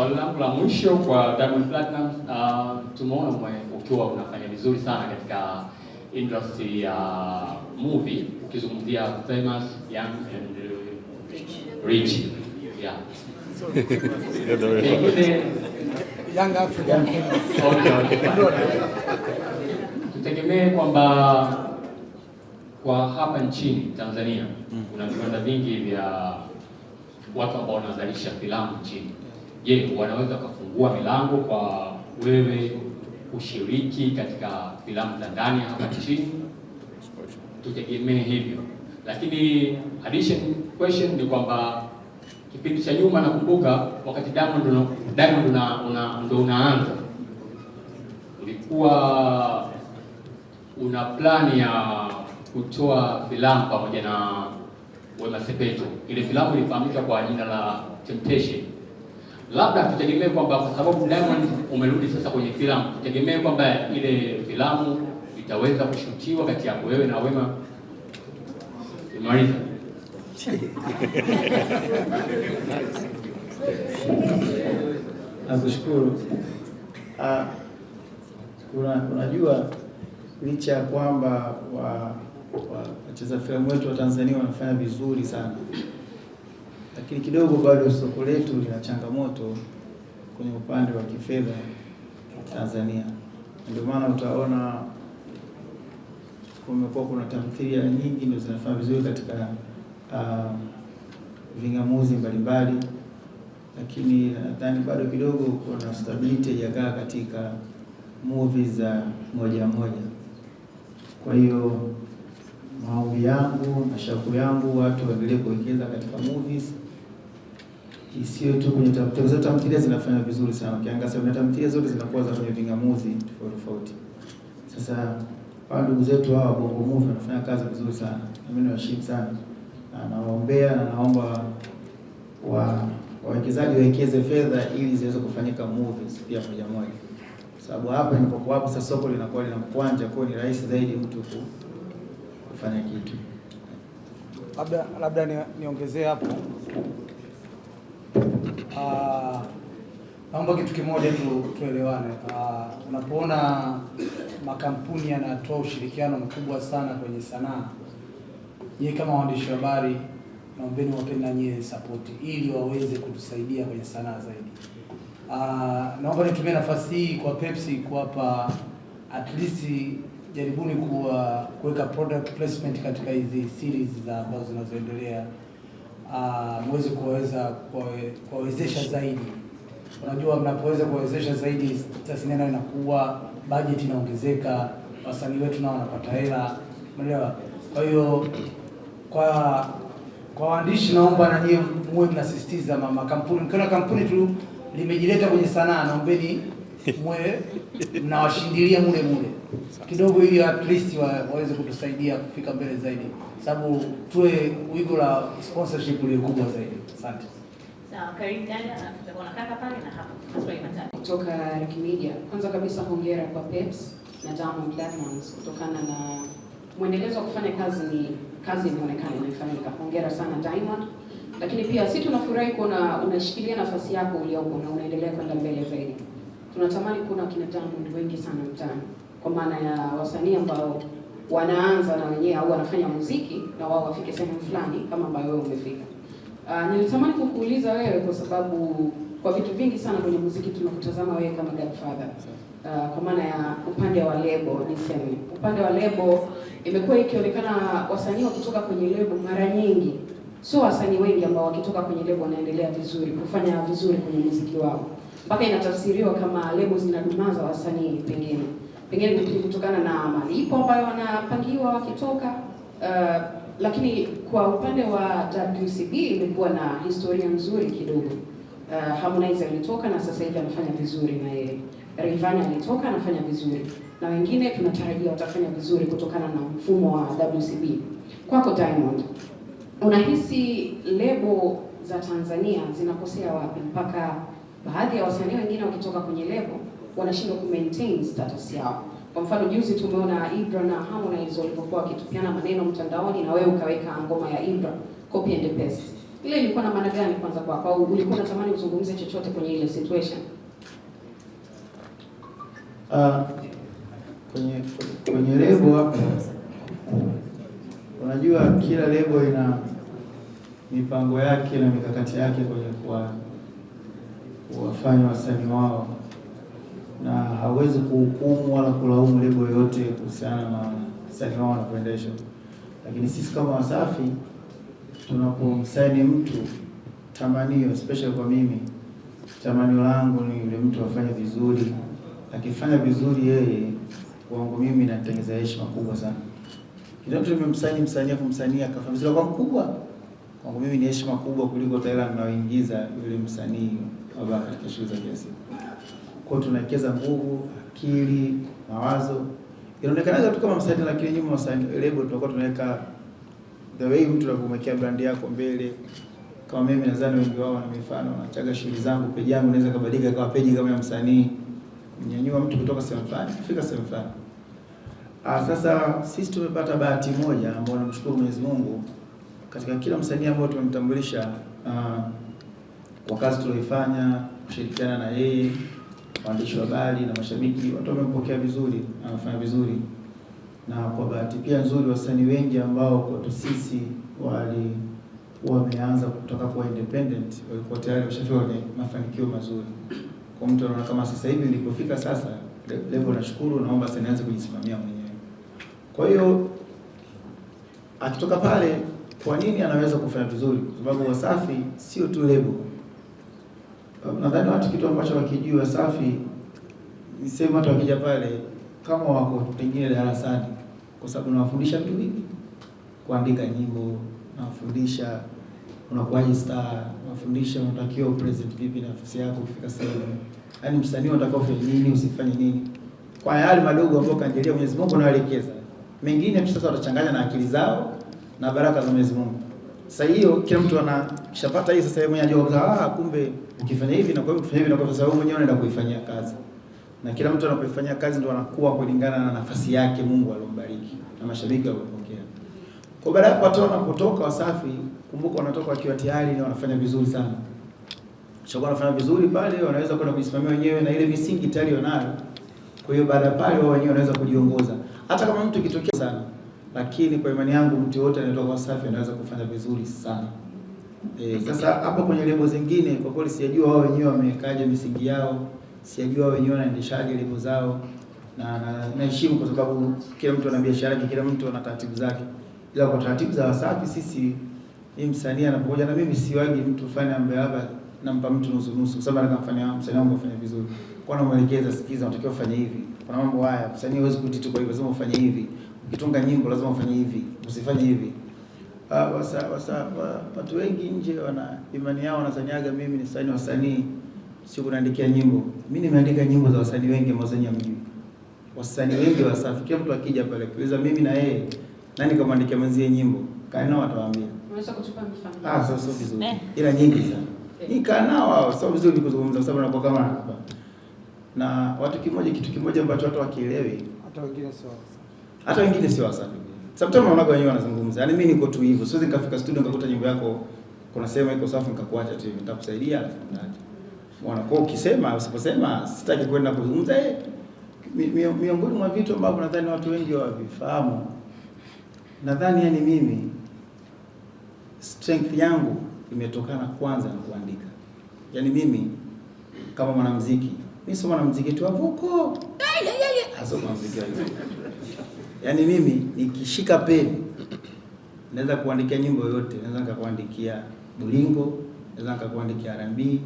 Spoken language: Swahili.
swali langu la mwisho kwa Diamond Platnumz, uh, tumeona ukiwa unafanya vizuri sana katika industry ya uh, movie ukizungumzia famous young and uh, rich yeah young African tutegemee kwamba kwa hapa nchini Tanzania kuna viwanda vingi vya watu ambao wanazalisha filamu nchini Je, wanaweza wakafungua milango kwa wewe ushiriki katika filamu za ndani hapa nchini? Tutegemee hivyo, lakini addition question ni kwamba kipindi cha nyuma nakumbuka wakati Diamond Diamond una, una, ndo unaanza ulikuwa una plan ya kutoa filamu pamoja na Wema Sepetu. Ile filamu ilifahamika kwa jina la Temptation labda tutegemee kwamba kwa sababu Diamond umerudi sasa kwenye filamu, tutegemee kwamba ile filamu itaweza kushutiwa kati yako wewe na Wema. Imaliza nakushukuru. Ah, unajua, licha ya kwamba wacheza wa, filamu wetu wa Tanzania wanafanya vizuri sana lakini kidogo bado soko letu lina changamoto kwenye upande wa kifedha Tanzania. Ndio maana utaona kumekuwa kuna tamthilia nyingi ndio zinafanya vizuri katika uh, ving'amuzi mbalimbali, lakini nadhani bado kidogo kuna stability haijakaa katika movie za moja moja. Kwa hiyo maombi yangu na shauku yangu watu waendelee kuwekeza katika movies isiyo tu kwenye tamthilia. Zote tamthilia zinafanya vizuri sana, ukiangalia na tamthilia zote zinakuwa za kwenye vingamuzi tofauti tofauti. Sasa hawa ndugu zetu hawa Bongo Movie wanafanya kazi vizuri sana, na mimi niwashukuru sana na nawaombea na naomba wa wawekezaji wawekeze fedha ili ziweze kufanyika movies pia moja moja, sababu hapa nilipokuwa hapo sasa, soko linakuwa lina mkwanja, kwa ni rahisi zaidi mtu kufanya kitu. Labda labda niongezee hapo Uh, naomba kitu kimoja tu tuelewane. Uh, unapoona makampuni yanatoa ushirikiano mkubwa sana kwenye sanaa, nyie kama waandishi wa habari, naombeni wapende na nyie sapoti ili waweze kutusaidia kwenye sanaa zaidi. Uh, naomba nitumie nafasi hii kwa Pepsi kuwapa at least jaribuni kuwa kuweka product placement katika hizi series za ambazo zinazoendelea uh, mweze kuwaweza kuwawezesha zaidi. Unajua, mnapoweza kuwawezesha zaidi, tasnia nayo inakuwa, bajeti inaongezeka, wasanii wetu nao wanapata hela, umeelewa? Kwa hiyo kwa kwa waandishi, naomba na nyie muwe mnasisitiza makampuni, mkiona kampuni tu limejileta kwenye sanaa, naombeni muwe mnawashindilia mule mule kidogo, ili at least waweze kutusaidia kufika mbele zaidi, sababu tuwe wigo la sponsorship ile kubwa zaidi. Asante. Kutoka Rick Media, kwanza kabisa hongera kwa Peps na Diamond Platnumz kutokana na mwendelezo wa kufanya kazi, ni kazi imeonekana imefanyika. Hongera sana Diamond, lakini pia si tunafurahi kuona unashikilia nafasi yako uliopo na unaendelea kwenda mbele zaidi. Tunatamani kuona kina Diamond wengi sana mtaani kwa maana ya wasanii ambao wanaanza na wenyewe au wanafanya muziki na wao wafike sehemu fulani kama ambayo wewe umefika. Uh, nilitamani kukuuliza wewe kwa sababu kwa vitu vingi sana kwenye muziki tunakutazama wewe kama godfather. Uh, kwa maana ya upande wa lebo niseme, upande wa lebo imekuwa ikionekana wasanii wakitoka kwenye lebo mara nyingi sio wasanii wengi ambao wakitoka kwenye lebo wanaendelea vizuri kufanya vizuri kwenye muziki wao, mpaka inatafsiriwa kama lebo zinadumaza wasanii pengine pengine ni kutokana na malipo ambayo wanapangiwa wakitoka uh, lakini kwa upande wa WCB imekuwa na historia nzuri kidogo. Uh, Harmonize alitoka na sasa hivi anafanya vizuri na yeye. Rayvanny alitoka anafanya vizuri na wengine tunatarajia watafanya vizuri kutokana na mfumo wa WCB. Kwako Diamond, unahisi lebo za Tanzania zinakosea wapi mpaka baadhi ya wasanii wengine wakitoka kwenye lebo wanashindwa ku maintain status yao. Kwa mfano juzi tumeona Ibra na Harmonize walipokuwa wakitupiana maneno mtandaoni na wewe ukaweka ngoma ya Ibra copy and paste. Ile ilikuwa na maana gani kwanza kwako, au ulikuwa unatamani uzungumze chochote kwenye ile situation? Uh, kwenye kwenye lebo hapo, unajua kila lebo ina mipango yake na mikakati yake kwenye kuwafanya wasanii wao na hawezi kuhukumu wala kulaumu lebo yoyote kuhusiana na msanii wao na kuendesha, Lakini sisi kama Wasafi tunapomsaini mtu, tamanio especially kwa mimi, tamanio langu ni yule mtu afanye vizuri. Akifanya vizuri yeye, kwangu mimi natengeza heshima kubwa sana. Kila mtu nimemsaini msanii afu msanii akafanya vizuri kwa mkubwa, kwangu mimi ni heshima kubwa kuliko taila ninayoingiza yule msanii baba katika shughuli za kiasi. Kwa tunawekeza nguvu, akili, mawazo. Inaonekana tu kama msanii, lakini nyuma wasanii label tunakuwa tunaweka the way mtu anavyomwekea brand yako mbele. Kama mimi nadhani wengi wao wana mifano, wanachaga shughuli zangu, peji yangu inaweza kubadilika kama peji kama ya msanii, kumnyanyua mtu kutoka sehemu fulani kufika sehemu fulani. Ah, sasa sisi tumepata bahati moja ambayo namshukuru Mwenyezi Mungu katika kila msanii ambaye tumemtambulisha uh, kwa kazi tulioifanya kushirikiana na yeye, waandishi wa habari na mashabiki, watu wamempokea vizuri, anafanya vizuri, na kwa bahati pia nzuri wasanii wengi ambao kwetu sisi wali wameanza kutoka kuwa independent walikuwa tayari washafika kwenye mafanikio mazuri. Kwa mtu anaona kama sasa hivi nilipofika sasa level, nashukuru, naomba sasa nianze kujisimamia mwenyewe. Kwa hiyo akitoka pale, kwa nini anaweza kufanya vizuri? Kwa sababu Wasafi sio tu lebo nadhani watu kitu ambacho wakijua Safi nisema hata wakija pale kama wako pengine darasani, kwa sababu nawafundisha vitu vingi, kuandika nyimbo, nawafundisha unakuwaje star, nawafundisha unatakiwa present vipi na nafasi yako kufika sehemu, yaani msanii unatakiwa ufanye nini, usifanye nini, kwa yale madogo ambayo kaangalia Mwenyezi Mungu anawaelekeza. Mengine sasa watachanganya na akili zao na baraka za Mwenyezi Mungu. Sasa hiyo kila mtu anashapata hii, sasa yeye mwenyewe anajua ah, kumbe ukifanya hivi na kwa hiyo ukifanya hivi na kwa sababu mwenyewe anaenda kuifanyia kazi, na kila mtu anapoifanyia kazi ndio anakuwa kulingana na nafasi yake Mungu alombariki na mashabiki walopokea. Kwa baada ya watu wanapotoka Wasafi, kumbuka wanatoka wakiwa tayari na wanafanya vizuri sana, shakuwa wanafanya vizuri pale, wanaweza kwenda kujisimamia wenyewe na ile misingi tayari wanayo. Kwa hiyo baada ya pale wao wenyewe wanaweza kujiongoza, hata kama mtu ikitokea sana lakini kwa imani yangu mtu yote anayetoka kwa Wasafi anaweza kufanya vizuri sana. E, sasa hapo kwenye lebo zingine kwa kweli sijajua wao wenyewe wamekaja misingi yao, sijajua wao wenyewe wanaendeshaje lebo zao, na naheshimu kwa sababu kila mtu ana biashara yake, kila mtu ana taratibu zake, ila kwa taratibu za Wasafi sisi ni msanii anapokuja, na mimi siwagi mtu fanya ambaye hapa nampa mtu nusu nusu, kwa sababu anakamfanya msanii wangu afanye vizuri, kwa namwelekeza, sikiza, unatakiwa ufanye hivi, kuna mambo haya, msanii huwezi kuititu, kwa hivyo lazima ufanye hivi kitunga nyimbo lazima ufanye hivi, usifanye hivi. Ah, wasa, wasa, wa, Watu wengi nje wana imani yao, wanasanyaga mimi ni sani wasanii, si kunaandikia nyimbo. Mimi nimeandika nyimbo za wasanii wengi ambao zenye mjui, wasanii wengi wasafi. Kila mtu akija pale kuuliza mimi na yeye nani kamwandikia mwenzie nyimbo, kaina watawaambia. Unaweza kutupa mfano? Ah, sio sio vizuri, eh. ila nyingi sana hii, kaa nao hao, sio vizuri kuzungumza kwa sababu nakuwa kama hapa na watu kimoja, kitu kimoja ambacho watu wakielewi, hata wengine sio hata wengine sio wasafi. Sometimes unaona kwa wenyewe wanazungumza. Yaani mimi niko tu hivyo. Siwezi nikafika studio nikakuta nyimbo yako kuna sema iko safi nikakuacha tu hivi. Nitakusaidia alafu ndaaje. Mwana kwa ukisema usiposema sitaki kwenda kuzungumza eh. Miongoni mwa vitu ambavyo nadhani watu wengi hawavifahamu. Nadhani yani mimi strength yangu imetokana kwanza na kuandika. Yaani mimi kama mwanamuziki, mimi sio mwanamuziki tu avuko. Azo mwanamuziki. Yaani mimi nikishika peni naweza kuandikia nyimbo yoyote, naweza nikakuandikia bulingo naweza nikakuandikia arambii